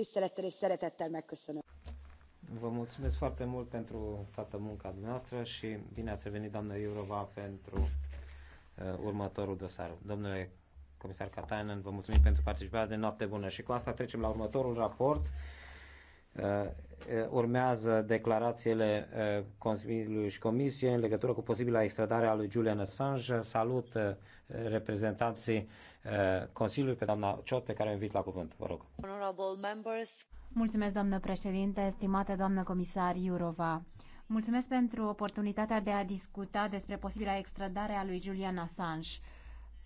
Tisztelettel és szeretettel megköszönöm. Vă mulțumesc foarte mult pentru toată munca dumneavoastră și bine ați revenit, doamnă Iurova, pentru uh, următorul dosar. Domnule comisar Katainen, vă mulțumim pentru participare de noapte bună și cu asta trecem la următorul raport. Uh, urmează declarațiile uh, Consiliului și Comisiei în legătură cu posibila extradare a lui Julian Assange. Salut uh, reprezentanții Consiliului pe doamna Ciot, pe care o invit la cuvânt. Vă rog. Mulțumesc, doamnă președinte, stimată doamnă comisar Iurova. Mulțumesc pentru oportunitatea de a discuta despre posibila extradare a lui Julian Assange.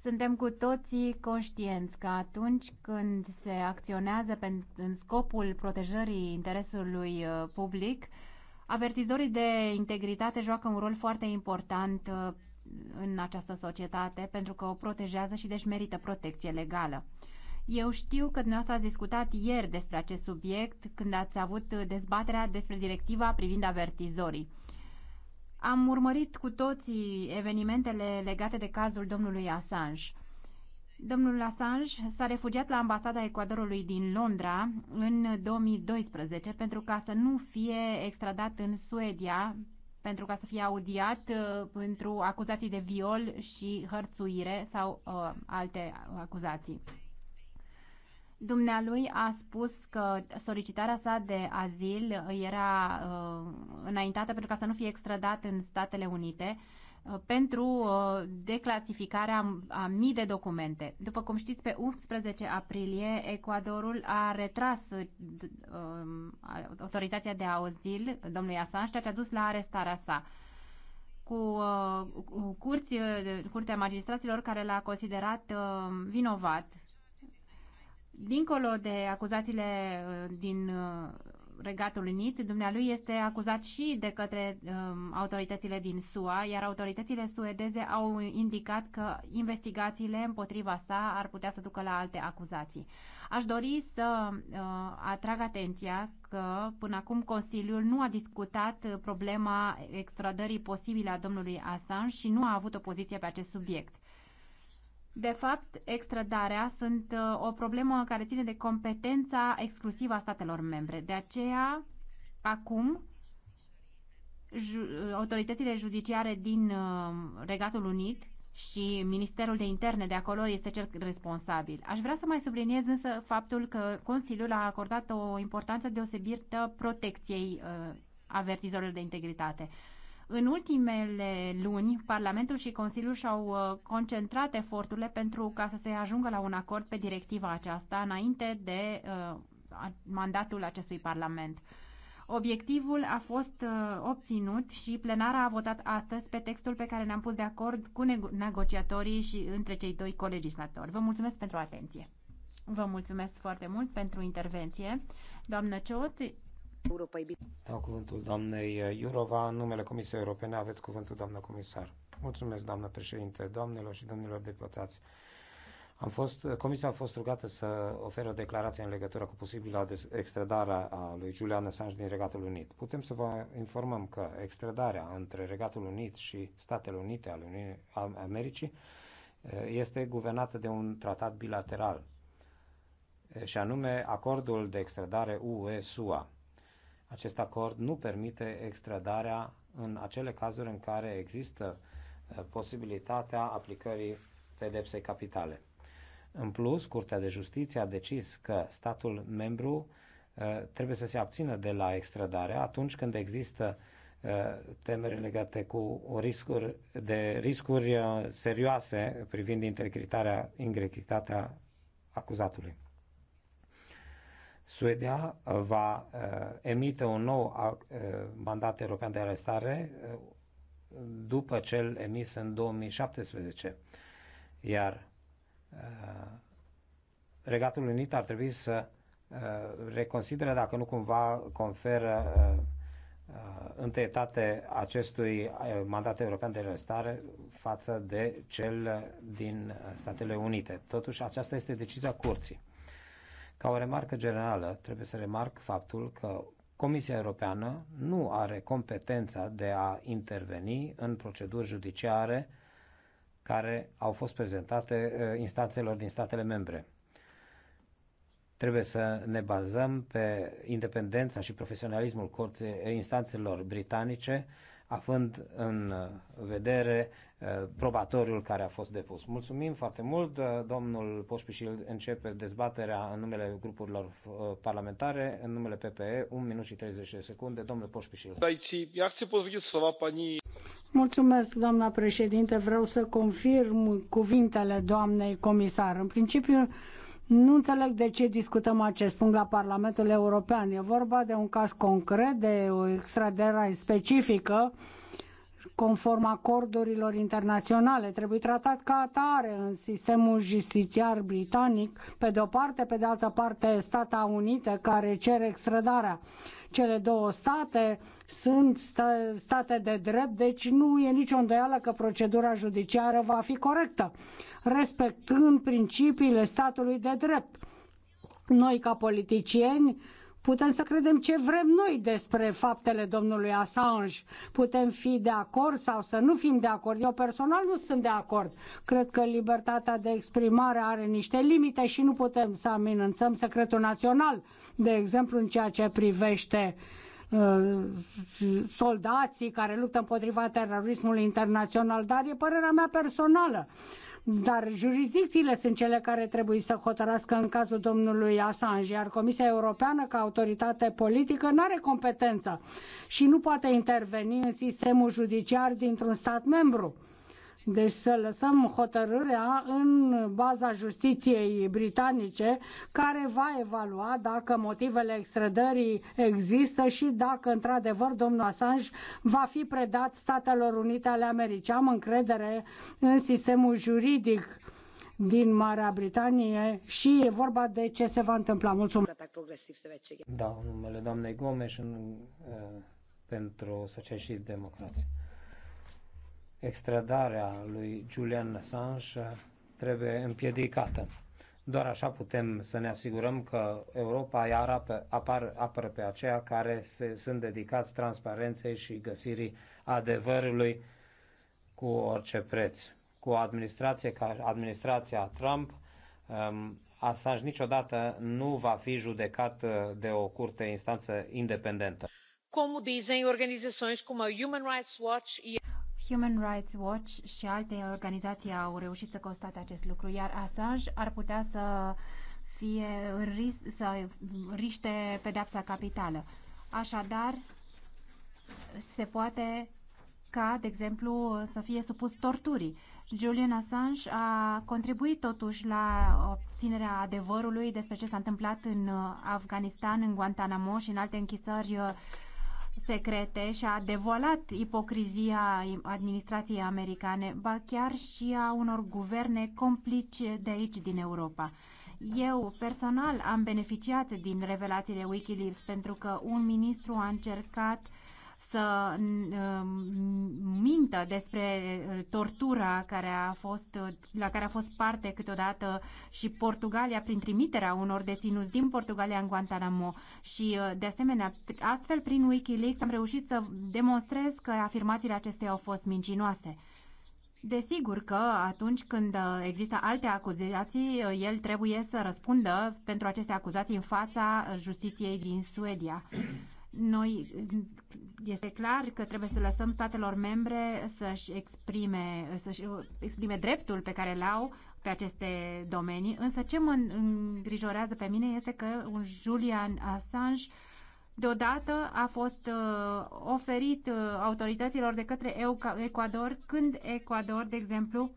Suntem cu toții conștienți că atunci când se acționează în scopul protejării interesului uh, public, avertizorii de integritate joacă un rol foarte important uh, în această societate pentru că o protejează și deci merită protecție legală. Eu știu că dumneavoastră ați discutat ieri despre acest subiect când ați avut uh, dezbaterea despre directiva privind avertizorii. Am urmărit cu toții evenimentele legate de cazul domnului Assange. Domnul Assange s-a refugiat la ambasada Ecuadorului din Londra în 2012 pentru ca să nu fie extradat în Suedia, pentru ca să fie audiat uh, pentru acuzații de viol și hărțuire sau uh, alte acuzații. Dumnealui a spus că solicitarea sa de azil uh, era uh, înaintată pentru ca să nu fie extradat în Statele Unite uh, pentru uh, declasificarea a, mii de documente. După cum știți, pe 11 aprilie, Ecuadorul a retras um, autorizația de auzil domnului Assange, ceea ce a dus la arestarea sa cu curți, curtea magistraților care l-a considerat vinovat Dincolo de acuzațiile uh, din uh, Regatul Unit, dumnealui este acuzat și de către um, autoritățile din SUA, iar autoritățile suedeze au indicat că investigațiile împotriva sa ar putea să ducă la alte acuzații. Aș dori să uh, atrag atenția că până acum Consiliul nu a discutat problema extradării posibile a domnului Assange și nu a avut o poziție pe acest subiect. De fapt, extradarea sunt uh, o problemă care ține de competența exclusivă a statelor membre. De aceea, acum, ju uh, autoritățile judiciare din uh, Regatul Unit și Ministerul de Interne de acolo este cel responsabil. Aș vrea să mai subliniez însă faptul că Consiliul a acordat o importanță deosebită protecției avertizorilor de integritate. În ultimele luni, Parlamentul și Consiliul și-au uh, concentrat eforturile pentru ca să se ajungă la un acord pe directiva aceasta înainte de uh, mandatul acestui Parlament. Obiectivul a fost uh, obținut și plenara a votat astăzi pe textul pe care ne-am pus de acord cu nego- negociatorii și între cei doi colegislatori. Vă mulțumesc pentru atenție. Vă mulțumesc foarte mult pentru intervenție. Doamnă Ciot, Dau cuvântul doamnei Iurova în numele Comisiei Europene. Aveți cuvântul, doamnă comisar. Mulțumesc, doamnă președinte, doamnelor și domnilor deputați. Am fost, comisia a fost rugată să ofere o declarație în legătură cu posibila extradarea a lui Julian Assange din Regatul Unit. Putem să vă informăm că extradarea între Regatul Unit și Statele Unite ale Uniunii Americii eh, este guvernată de un tratat bilateral, eh, și anume acordul de extradare UE-SUA. Acest acord nu permite extradarea în acele cazuri în care există uh, posibilitatea aplicării pedepsei capitale. În plus, Curtea de Justiție a decis că statul membru uh, trebuie să se abțină de la extradare atunci când există uh, temeri legate cu riscuri, de riscuri serioase privind integritatea, integritatea acuzatului. Suedia uh, va uh, emite un nou uh, mandat european de arestare după cel emis în 2017, iar Regatul Unit ar trebui să reconsidere dacă nu cumva conferă întâietate acestui mandat european de arestare față de cel din Statele Unite. Totuși, aceasta este decizia curții. Ca o remarcă generală, trebuie să remarc faptul că Comisia Europeană nu are competența de a interveni în proceduri judiciare care au fost prezentate uh, instanțelor din statele membre. Trebuie să ne bazăm pe independența și profesionalismul eh, instanțelor britanice având în vedere uh, probatoriul care a fost depus. Mulțumim foarte mult. Uh, domnul Poșpișil începe dezbaterea în numele grupurilor uh, parlamentare, în numele PPE, 1 minut și 30 de secunde. Domnule Poșpișil. Mulțumesc, doamna președinte. Vreau să confirm cuvintele doamnei comisar. În principiu, nu înțeleg de ce discutăm acest punct la Parlamentul European. E vorba de un caz concret, de o extradere specifică conform acordurilor internaționale. Trebuie tratat ca atare în sistemul justițiar britanic, pe de o parte, pe de altă parte Statele Unite care cere extradarea. Cele două state sunt state de drept, deci nu e nicio îndoială că procedura judiciară va fi corectă respectând principiile statului de drept. Noi, ca politicieni, Putem să credem ce vrem noi despre faptele domnului Assange. Putem fi de acord sau să nu fim de acord. Eu personal nu sunt de acord. Cred că libertatea de exprimare are niște limite și nu putem să amenințăm secretul național, de exemplu în ceea ce privește uh, soldații care luptă împotriva terorismului internațional, dar e părerea mea personală dar jurisdicțiile sunt cele care trebuie să hotărască în cazul domnului Assange, iar Comisia Europeană, ca autoritate politică, nu are competență și nu poate interveni în sistemul judiciar dintr-un stat membru deci să lăsăm hotărârea în baza justiției britanice, care va evalua dacă motivele extrădării există și dacă, într-adevăr, domnul Assange va fi predat Statelor Unite ale Americii. Am încredere în sistemul juridic din Marea Britanie și e vorba de ce se va întâmpla. Mulțumesc! Da, numele doamnei Gomes în, uh, pentru Socialiști democrație extradarea lui Julian Assange trebuie împiedicată. Doar așa putem să ne asigurăm că Europa iar apar, apără pe aceia care se, sunt dedicați transparenței și găsirii adevărului cu orice preț. Cu o administrație ca administrația Trump, um, Assange niciodată nu va fi judecat uh, de o curte instanță independentă. Como dizem organizações como a Human Rights Watch e Human Rights Watch și alte organizații au reușit să constate acest lucru, iar Assange ar putea să fie să riște pedepsa capitală. Așadar, se poate ca, de exemplu, să fie supus torturii. Julian Assange a contribuit totuși la obținerea adevărului despre ce s-a întâmplat în Afganistan, în Guantanamo și în alte închisări secrete și a devolat ipocrizia administrației americane, ba chiar și a unor guverne complice de aici din Europa. Eu personal am beneficiat din revelațiile Wikileaks pentru că un ministru a încercat uh, să um, mintă despre uh, tortura care a fost, uh, la care a fost parte câteodată și Portugalia prin trimiterea unor deținuți din Portugalia în Guantanamo. Și, uh, de asemenea, astfel, prin Wikileaks am reușit să demonstrez că afirmațiile acesteia au fost mincinoase. Desigur că atunci când există alte acuzații, el trebuie să răspundă pentru aceste acuzații în fața justiției din Suedia. Noi, este clar că trebuie să lăsăm statelor membre să-și exprime, să-și exprime dreptul pe care l-au pe aceste domenii, însă ce mă îngrijorează pe mine este că un Julian Assange deodată a fost uh, oferit uh, autorităților de către Ecuador, când Ecuador, de exemplu,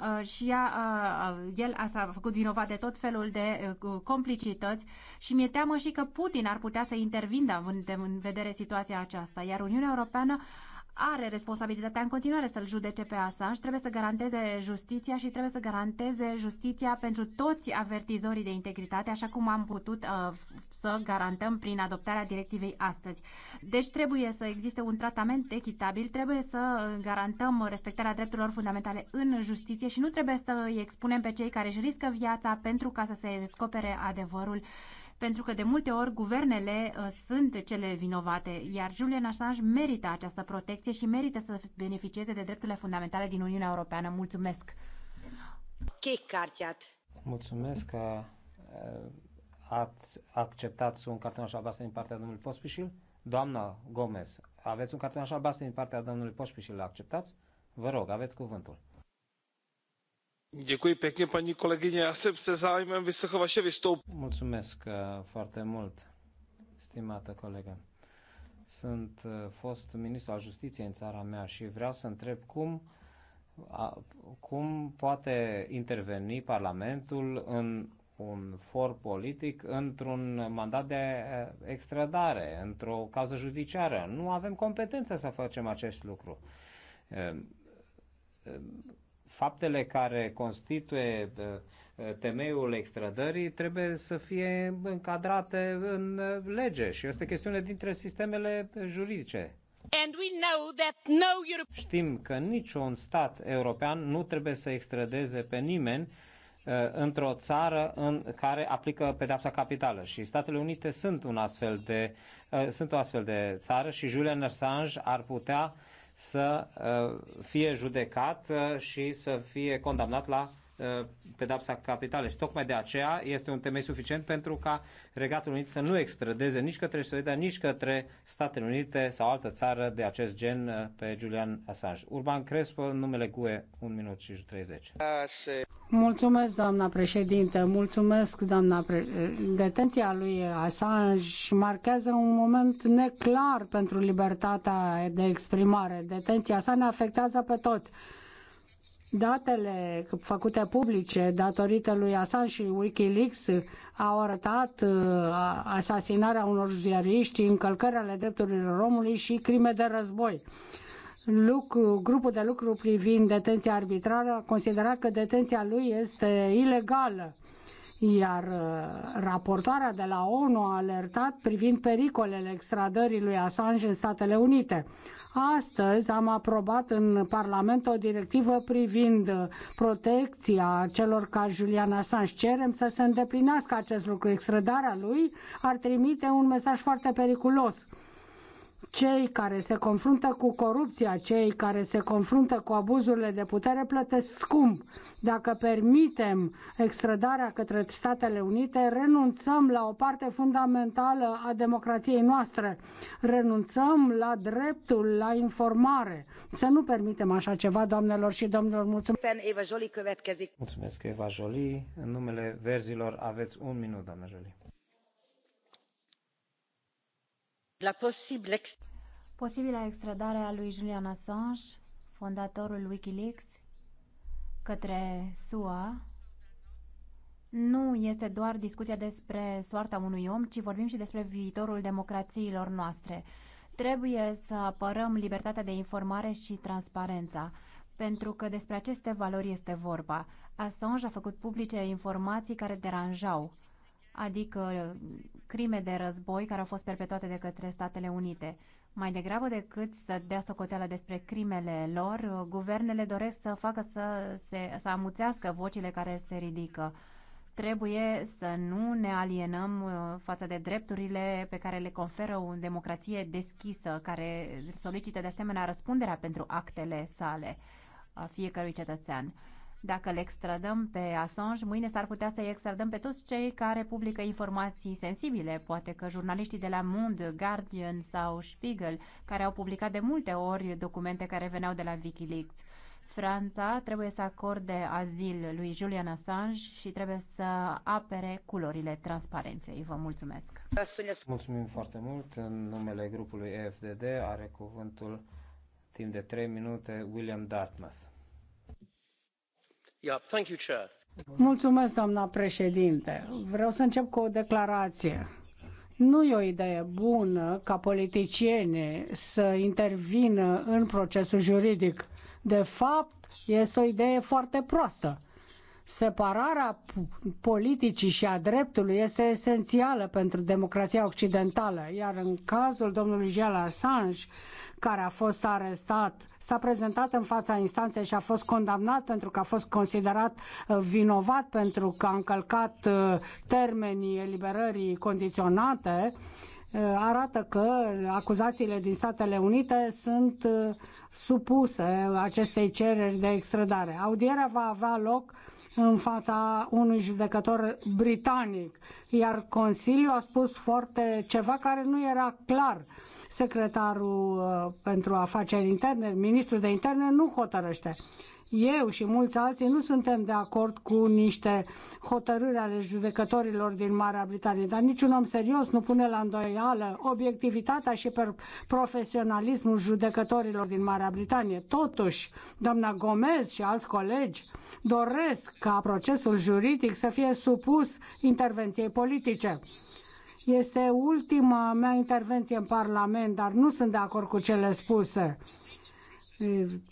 Uh, și ea, uh, uh, el a, s-a făcut vinovat de tot felul de complicități și mi-e teamă și că Putin ar putea să intervină în vedere situația aceasta, iar Uniunea Europeană are responsabilitatea în continuare să-l judece pe Assange, trebuie să garanteze justiția și trebuie să garanteze justiția pentru toți avertizorii de integritate, așa cum am putut uh, să garantăm prin adoptarea directivei astăzi. Deci trebuie să existe un tratament echitabil, trebuie să garantăm respectarea drepturilor fundamentale în justiție și nu trebuie să îi expunem pe cei care își riscă viața pentru ca să se descopere adevărul pentru că de multe ori guvernele uh, sunt cele vinovate, iar Julian Assange merită această protecție și merită să beneficieze de drepturile fundamentale din Uniunea Europeană. Mulțumesc! Mulțumesc că uh, ați acceptat un așa albastru din partea domnului Pospișil. Doamna Gomez, aveți un așa albastru din partea domnului Pospișil, l-acceptați? Vă rog, aveți cuvântul paní kolegyně já jsem se zájmem vyslechl vaše vystoupení. Mulțumesc uh, foarte mult, stimată colegă. Sunt uh, fost ministru al justiției în țara mea și vreau să întreb cum, cum poate interveni Parlamentul în un for politic într-un mandat de uh, extradare, într-o cauză judiciară. Nu avem competență să facem acest lucru faptele care constituie uh, uh, temeiul extrădării trebuie să fie încadrate în uh, lege și este chestiune dintre sistemele juridice. And we know that no Europe... Știm că niciun stat european nu trebuie să extradeze pe nimeni într-o țară în care aplică pedapsa capitală și Statele Unite sunt un astfel de sunt o astfel de țară și Julian Assange ar putea uh, să uh, fie judecat uh, și să fie condamnat la Uh, pedapsa capitală. Și tocmai de aceea este un temei suficient pentru ca Regatul Unit să nu extrădeze nici către Suedia, nici către Statele Unite sau altă țară de acest gen uh, pe Julian Assange. Urban Crespo, numele GUE, 1 minut și 30. Mulțumesc, doamna președinte, mulțumesc, doamna pre... Detenția lui Assange marchează un moment neclar pentru libertatea de exprimare. Detenția sa ne afectează pe toți Datele făcute publice datorită lui Assange și Wikileaks au arătat uh, asasinarea unor ziariști, încălcări ale drepturilor omului și crime de război. Lucru, grupul de lucru privind detenția arbitrară a considerat că detenția lui este ilegală iar uh, raportoarea de la ONU a alertat privind pericolele extradării lui Assange în Statele Unite. Astăzi am aprobat în Parlament o directivă privind uh, protecția celor ca Julian Assange. Cerem să se îndeplinească acest lucru. Extradarea lui ar trimite un mesaj foarte periculos cei care se confruntă cu corupția, cei care se confruntă cu abuzurile de putere plătesc scump. Dacă permitem extradarea către Statele Unite, renunțăm la o parte fundamentală a democrației noastre. Renunțăm la dreptul la informare. Să nu permitem așa ceva, doamnelor și domnilor. Mulțumesc. Eva Jolie, Mulțumesc, Eva Jolie. În numele verzilor aveți un minut, doamnă Jolie. la posibila posibilă extradare a lui Julian Assange, fondatorul Wikileaks, către SUA, nu este doar discuția despre soarta unui om, ci vorbim și despre viitorul democrațiilor noastre. Trebuie să apărăm libertatea de informare și transparența, pentru că despre aceste valori este vorba. Assange a făcut publice informații care deranjau adică uh, crime de război care au fost perpetuate de către Statele Unite. Mai degrabă decât să dea socoteală despre crimele lor, uh, guvernele doresc să facă să, se, să amuțească vocile care se ridică. Trebuie să nu ne alienăm uh, față de drepturile pe care le conferă o democrație deschisă, care solicită de asemenea răspunderea pentru actele sale a fiecărui cetățean. Dacă le extradăm pe Assange, mâine s-ar putea să-i extradăm pe toți cei care publică informații sensibile. Poate că jurnaliștii de la Mund, Guardian sau Spiegel, care au publicat de multe ori documente care veneau de la Wikileaks. Franța trebuie să acorde azil lui Julian Assange și trebuie să apere culorile transparenței. Vă mulțumesc! Mulțumim foarte mult! În numele grupului EFDD are cuvântul timp de 3 minute William Dartmouth. Mulțumesc, președintă președinte. Vreau să încep cu o declarație. Nu e o idee bună ca politicienii să intervină în procesul juridic. De fapt, este o idee foarte proastă separarea politicii și a dreptului este esențială pentru democrația occidentală, iar în cazul domnului Jean Assange, care a fost arestat, s-a prezentat în fața instanței și a fost condamnat pentru că a fost considerat uh, vinovat pentru că a încălcat uh, termenii eliberării condiționate, uh, arată că acuzațiile din Statele Unite sunt supuse acestei cereri de extradare. Audierea va avea loc în fața unui judecător britanic. Iar Consiliul a spus foarte ceva care nu era clar. Secretarul uh, pentru afaceri interne, ministrul de interne, nu hotărăște eu și mulți alții nu suntem de acord cu niște hotărâri ale judecătorilor din Marea Britanie, dar niciun om serios nu pune la îndoială obiectivitatea și profesionalismul judecătorilor din Marea Britanie. Totuși, doamna Gomez și alți colegi doresc ca procesul juridic să fie supus intervenției politice. Este ultima mea intervenție în Parlament, dar nu sunt de acord cu cele spuse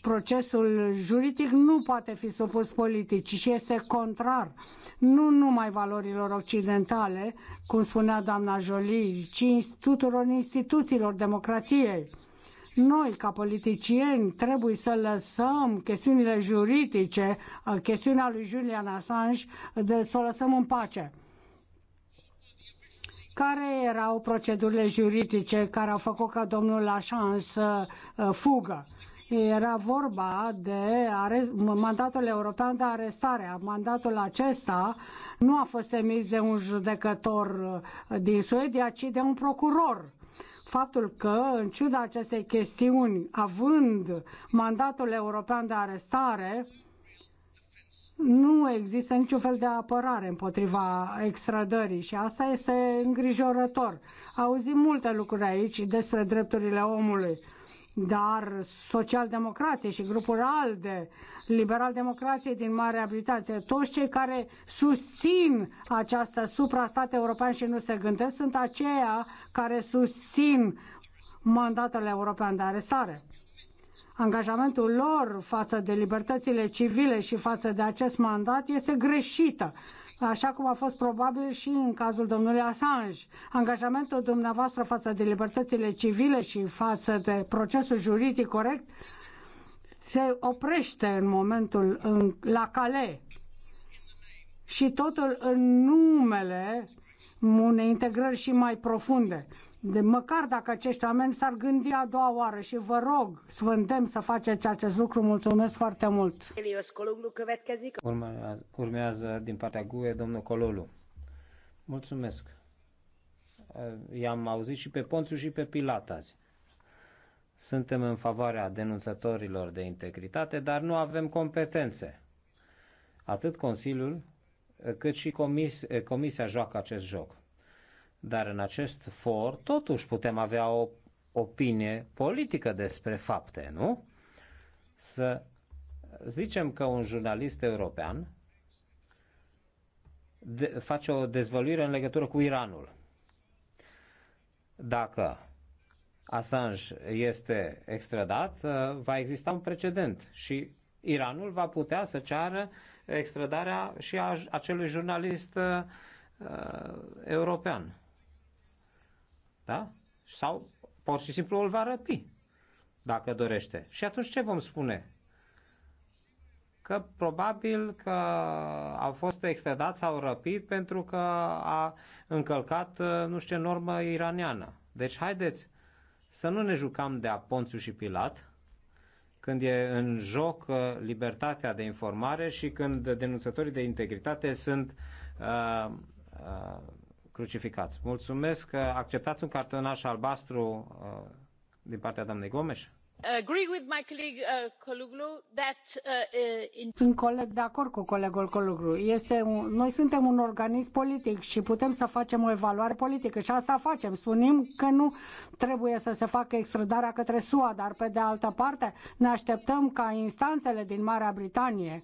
procesul juridic nu poate fi supus politicii și este contrar nu numai valorilor occidentale, cum spunea doamna Jolie, ci tuturor instituțiilor democrației. Noi, ca politicieni, trebuie să lăsăm chestiunile juridice, chestiunea lui Julian Assange, de, să o lăsăm în pace care erau procedurile juridice care au făcut ca domnul Assange să fugă. Era vorba de arest, mandatul european de arestare. Mandatul acesta nu a fost emis de un judecător uh, din Suedia, ci de un procuror faptul că, în ciuda acestei chestiuni, având mandatul european de arestare, nu există niciun fel de apărare împotriva extradării și asta este îngrijorător. Auzim multe lucruri aici despre drepturile omului dar socialdemocrație și grupul ALDE, liberal-democrație din Marea Britanie, toți cei care susțin această suprastat european și nu se gândesc, sunt aceia care susțin mandatele european de arestare. Angajamentul lor față de libertățile civile și față de acest mandat este greșită așa cum a fost probabil și în cazul domnului Assange. Angajamentul dumneavoastră față de libertățile civile și față de procesul juridic corect se oprește în momentul în, la cale și totul în numele unei integrări și mai profunde de măcar dacă acești oameni s-ar gândi a doua oară și vă rog, sfântem să faceți acest lucru. Mulțumesc foarte mult! Urmează, urmează din partea GUE domnul Cololu. Mulțumesc! I-am auzit și pe Ponțu și pe Pilat azi. Suntem în favoarea denunțătorilor de integritate, dar nu avem competențe. Atât Consiliul cât și comis, Comisia joacă acest joc dar în acest for totuși putem avea o opinie politică despre fapte, nu? Să zicem că un jurnalist european de, face o dezvăluire în legătură cu Iranul. Dacă Assange este extradat, uh, va exista un precedent și Iranul va putea să ceară extradarea și a acelui jurnalist uh, uh european. Da? Sau pur și simplu îl va răpi, dacă dorește. Și atunci ce vom spune? Că probabil că au fost extradat sau răpit pentru că a încălcat, uh, nu știu ce, normă iraniană. Deci haideți să nu ne jucăm de Aponțiu și Pilat, când e în joc uh, libertatea de informare și când denunțătorii de integritate sunt uh, uh, crucificați. Mulțumesc că acceptați un cartonaș albastru uh, din partea doamnei Gomes. Uh, uh, Sunt coleg de acord cu colegul Colugru. Este un, noi suntem un organism politic și putem să facem o evaluare politică și asta facem. Spunem că nu trebuie să se facă extradarea către SUA, dar pe de altă parte ne așteptăm ca instanțele din Marea Britanie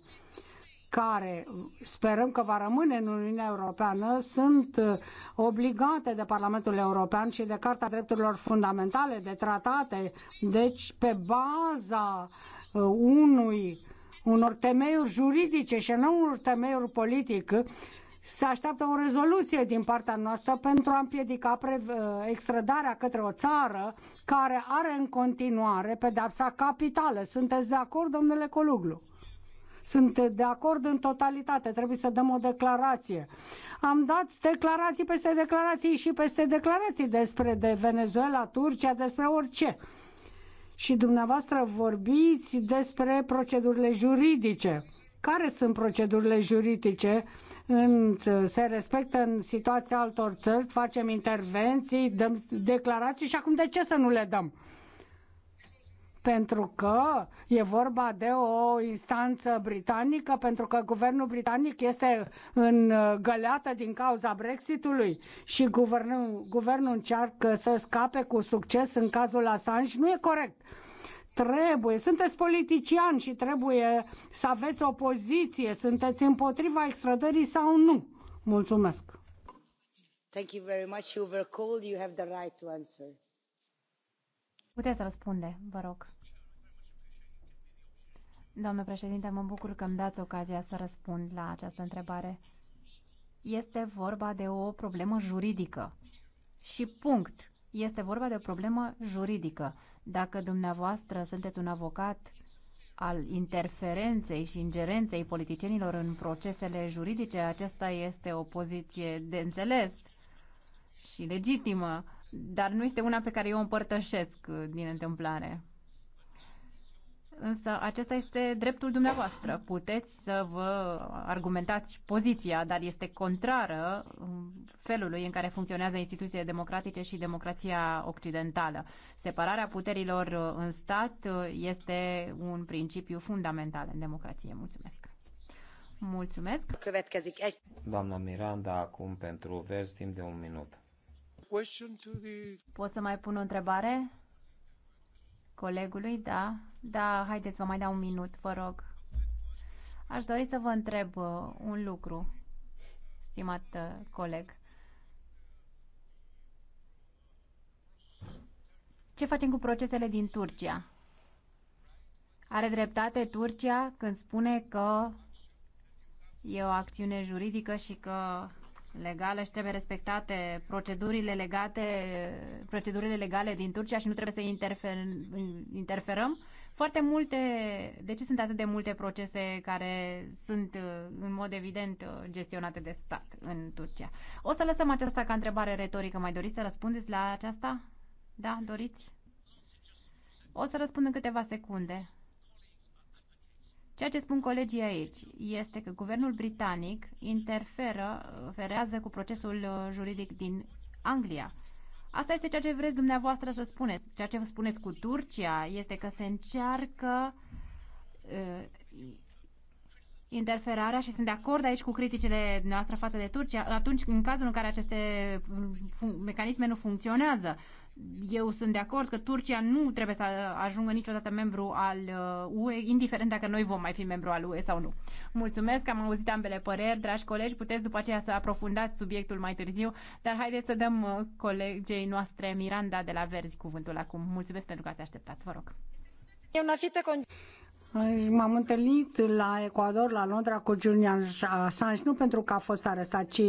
care sperăm că va rămâne în Uniunea Europeană sunt uh, obligate de Parlamentul European și de Carta Drepturilor Fundamentale, de tratate, deci pe baza uh, unui, unor temeiuri juridice și nu unor temeiuri politic, se așteaptă o rezoluție din partea noastră pentru a împiedica uh, extradarea către o țară care are în continuare pedepsa capitală. Sunteți de acord, domnule Coluglu? Sunt de acord în totalitate, trebuie să dăm o declarație. Am dat declarații peste declarații și peste declarații despre de Venezuela, Turcia, despre orice. Și dumneavoastră vorbiți despre procedurile juridice. Care sunt procedurile juridice? În, se respectă în situația altor țări, facem intervenții, dăm declarații și acum de ce să nu le dăm? pentru că e vorba de o instanță britanică, pentru că guvernul britanic este în găleată din cauza Brexitului și guvernul, guvernul încearcă să scape cu succes în cazul Assange, nu e corect trebuie, sunteți politician și trebuie să aveți o poziție, sunteți împotriva extrădării sau nu. Mulțumesc. Thank you very much. You were called. You have the right to answer. Puteți răspunde, vă rog. Doamnă președinte, mă bucur că îmi dați ocazia să răspund la această întrebare. Este vorba de o problemă juridică. Și punct. Este vorba de o problemă juridică. Dacă dumneavoastră sunteți un avocat al interferenței și ingerenței politicienilor în procesele juridice, aceasta este o poziție de înțeles și legitimă, dar nu este una pe care eu o împărtășesc uh, din întâmplare. Însă acesta este dreptul dumneavoastră. Puteți să vă argumentați poziția, dar este contrară um, felului în care funcționează instituțiile democratice și democrația occidentală. Separarea puterilor uh, în stat uh, este un principiu fundamental în democrație. Mulțumesc! Mulțumesc! Doamna Miranda, acum pentru vers timp de un minut. Pot să mai pun o întrebare? colegului, da? Da, haideți, vă mai dau un minut, vă rog. Aș dori să vă întreb uh, un lucru, stimat uh, coleg. Ce facem cu procesele din Turcia? Are dreptate Turcia când spune că e o acțiune juridică și că legală și trebuie respectate procedurile legate, procedurile legale din Turcia și nu trebuie să interfer, interferăm. Foarte multe, de ce sunt atât de multe procese care sunt uh, în mod evident uh, gestionate de stat în Turcia? O să lăsăm aceasta ca întrebare retorică. Mai doriți să răspundeți la aceasta? Da, doriți? O să răspund în câteva secunde. Ceea ce spun colegii aici este că guvernul britanic interferă, ferează cu procesul uh, juridic din Anglia. Asta este ceea ce vreți dumneavoastră să spuneți. Ceea ce vă spuneți cu Turcia este că se încearcă uh, interferarea și sunt de acord aici cu criticile noastre față de Turcia atunci în cazul în care aceste uh, mecanisme nu funcționează eu sunt de acord că Turcia nu trebuie să ajungă niciodată membru al UE, uh, indiferent dacă noi vom mai fi membru al UE sau nu. Mulțumesc, am auzit ambele păreri, dragi colegi, puteți după aceea să aprofundați subiectul mai târziu, dar haideți să dăm uh, colegei noastre Miranda de la Verzi cuvântul acum. Mulțumesc pentru că ați așteptat, vă rog. M-am întâlnit la Ecuador, la Londra, cu Julian Assange, nu pentru că a fost arestat, ci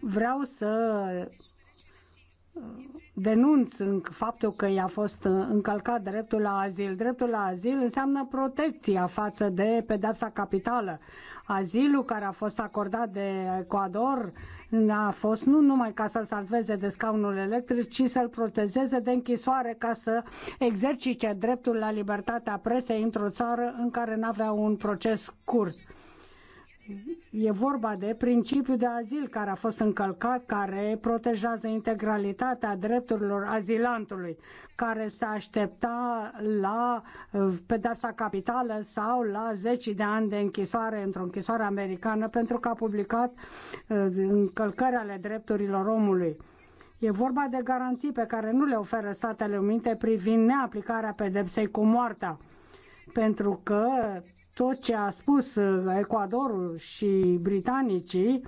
vreau să denunț în faptul că i-a fost uh, încălcat dreptul la azil. Dreptul la azil înseamnă protecția față de pedepsa capitală. Azilul care a fost acordat de Ecuador a fost nu numai ca să-l salveze de scaunul electric, ci să-l protejeze de închisoare ca să exercite dreptul la libertatea presei într-o țară în care n-avea un proces curs E vorba de principiul de azil care a fost încălcat, care protejează integralitatea drepturilor azilantului, care se aștepta la uh, pedepsa capitală sau la zeci de ani de închisoare într-o închisoare americană pentru că a publicat uh, încălcări ale drepturilor omului. E vorba de garanții pe care nu le oferă Statele Unite privind neaplicarea pedepsei cu moartea pentru că tot ce a spus uh, Ecuadorul și britanicii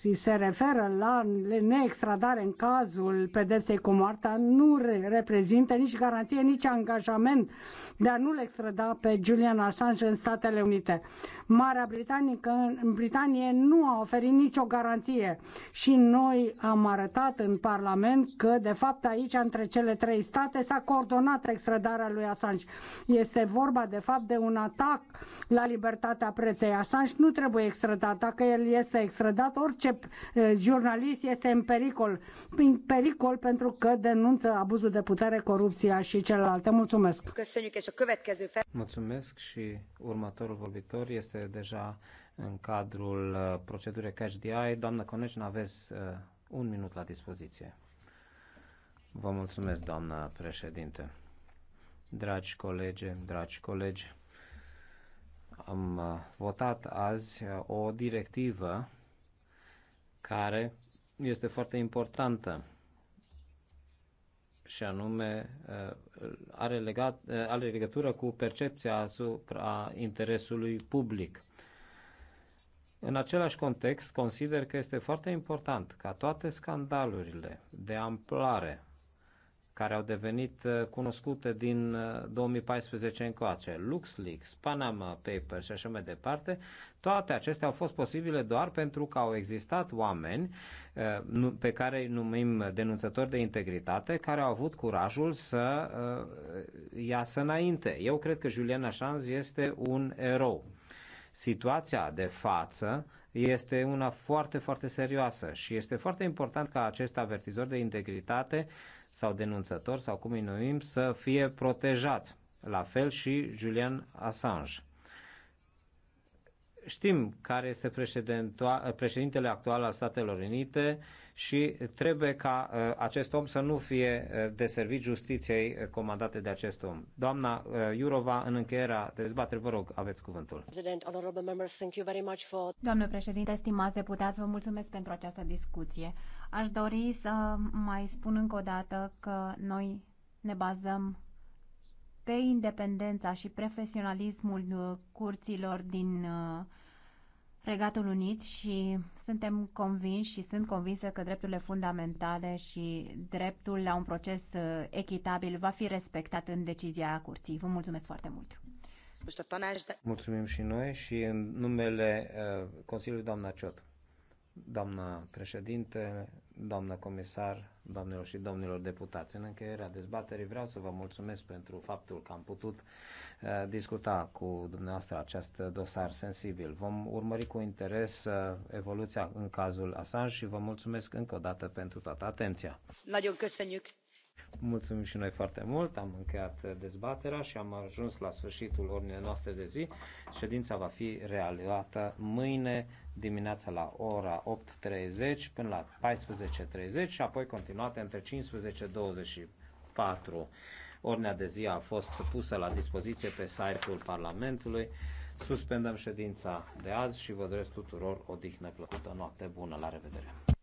și se referă la neextradare în cazul pedepsei cu moartea, nu reprezintă nici garanție, nici angajament de a nu-l extrada pe Julian Assange în Statele Unite. Marea Britanică, în Britanie nu a oferit nicio garanție și noi am arătat în Parlament că, de fapt, aici, între cele trei state, s-a coordonat extradarea lui Assange. Este vorba, de fapt, de un atac la libertatea preței. Assange nu trebuie extradat. Dacă el este extradat, dat orice eh, jurnalist este în pericol, în pericol pentru că denunță abuzul de putere, corupția și celelalte. Mulțumesc! Mulțumesc și următorul vorbitor este deja în cadrul eh, procedurii Catch the Eye. Doamnă Coneci, aveți eh, un minut la dispoziție. Vă mulțumesc, doamnă președinte. Dragi colegi, dragi colegi, am votat azi o directivă care este foarte importantă și anume uh, are, legat, uh, are legătură cu percepția asupra interesului public. În același context, consider că este foarte important ca toate scandalurile de amplare care au devenit uh, cunoscute din 2014 uh, încoace, LuxLeaks, Panama Papers și așa mai departe, toate acestea au fost posibile doar pentru că au existat oameni uh, pe care îi numim denunțători de integritate, care au avut curajul să iasă înainte. Eu cred că Julian Assange este un erou. Situația de față este una foarte, foarte serioasă și este foarte important ca acest avertizor de integritate uh, sau denunțători sau cum îi numim să fie protejați. La fel și Julian Assange. Știm care este președintele actual al Statelor Unite și trebuie ca uh, acest om să nu fie uh, de servit justiției uh, comandate de acest om. Doamna Iurova, în încheierea dezbatere, vă rog, aveți cuvântul. Doamne președinte, stimați deputați, vă mulțumesc pentru această discuție. Aș dori să mai spun încă o dată că noi ne bazăm pe independența și profesionalismul curților din Regatul Unit și suntem convinși și sunt convinsă că drepturile fundamentale și dreptul la un proces uh, echitabil va fi respectat în decizia curții. Vă mulțumesc foarte mult! Mulțumim și noi și în numele uh, Consiliului doamna Ciot. Doamna președinte, doamnă comisar, doamnelor și domnilor deputați. În încheierea dezbaterii vreau să vă mulțumesc pentru faptul că am putut uh, discuta cu dumneavoastră acest dosar sensibil. Vom urmări cu interes uh, evoluția în cazul Assange și vă mulțumesc încă o dată pentru toată atenția. Mulțumim și noi foarte mult, am încheiat uh, dezbaterea și am ajuns la sfârșitul ordinei noastre de zi. Ședința va fi realizată mâine dimineața la ora 8.30 până la 14.30 și apoi continuate între 15.24. Ordinea de zi a fost pusă la dispoziție pe site-ul Parlamentului. Suspendăm ședința de azi și vă doresc tuturor o dihnă plăcută, noapte bună, la revedere!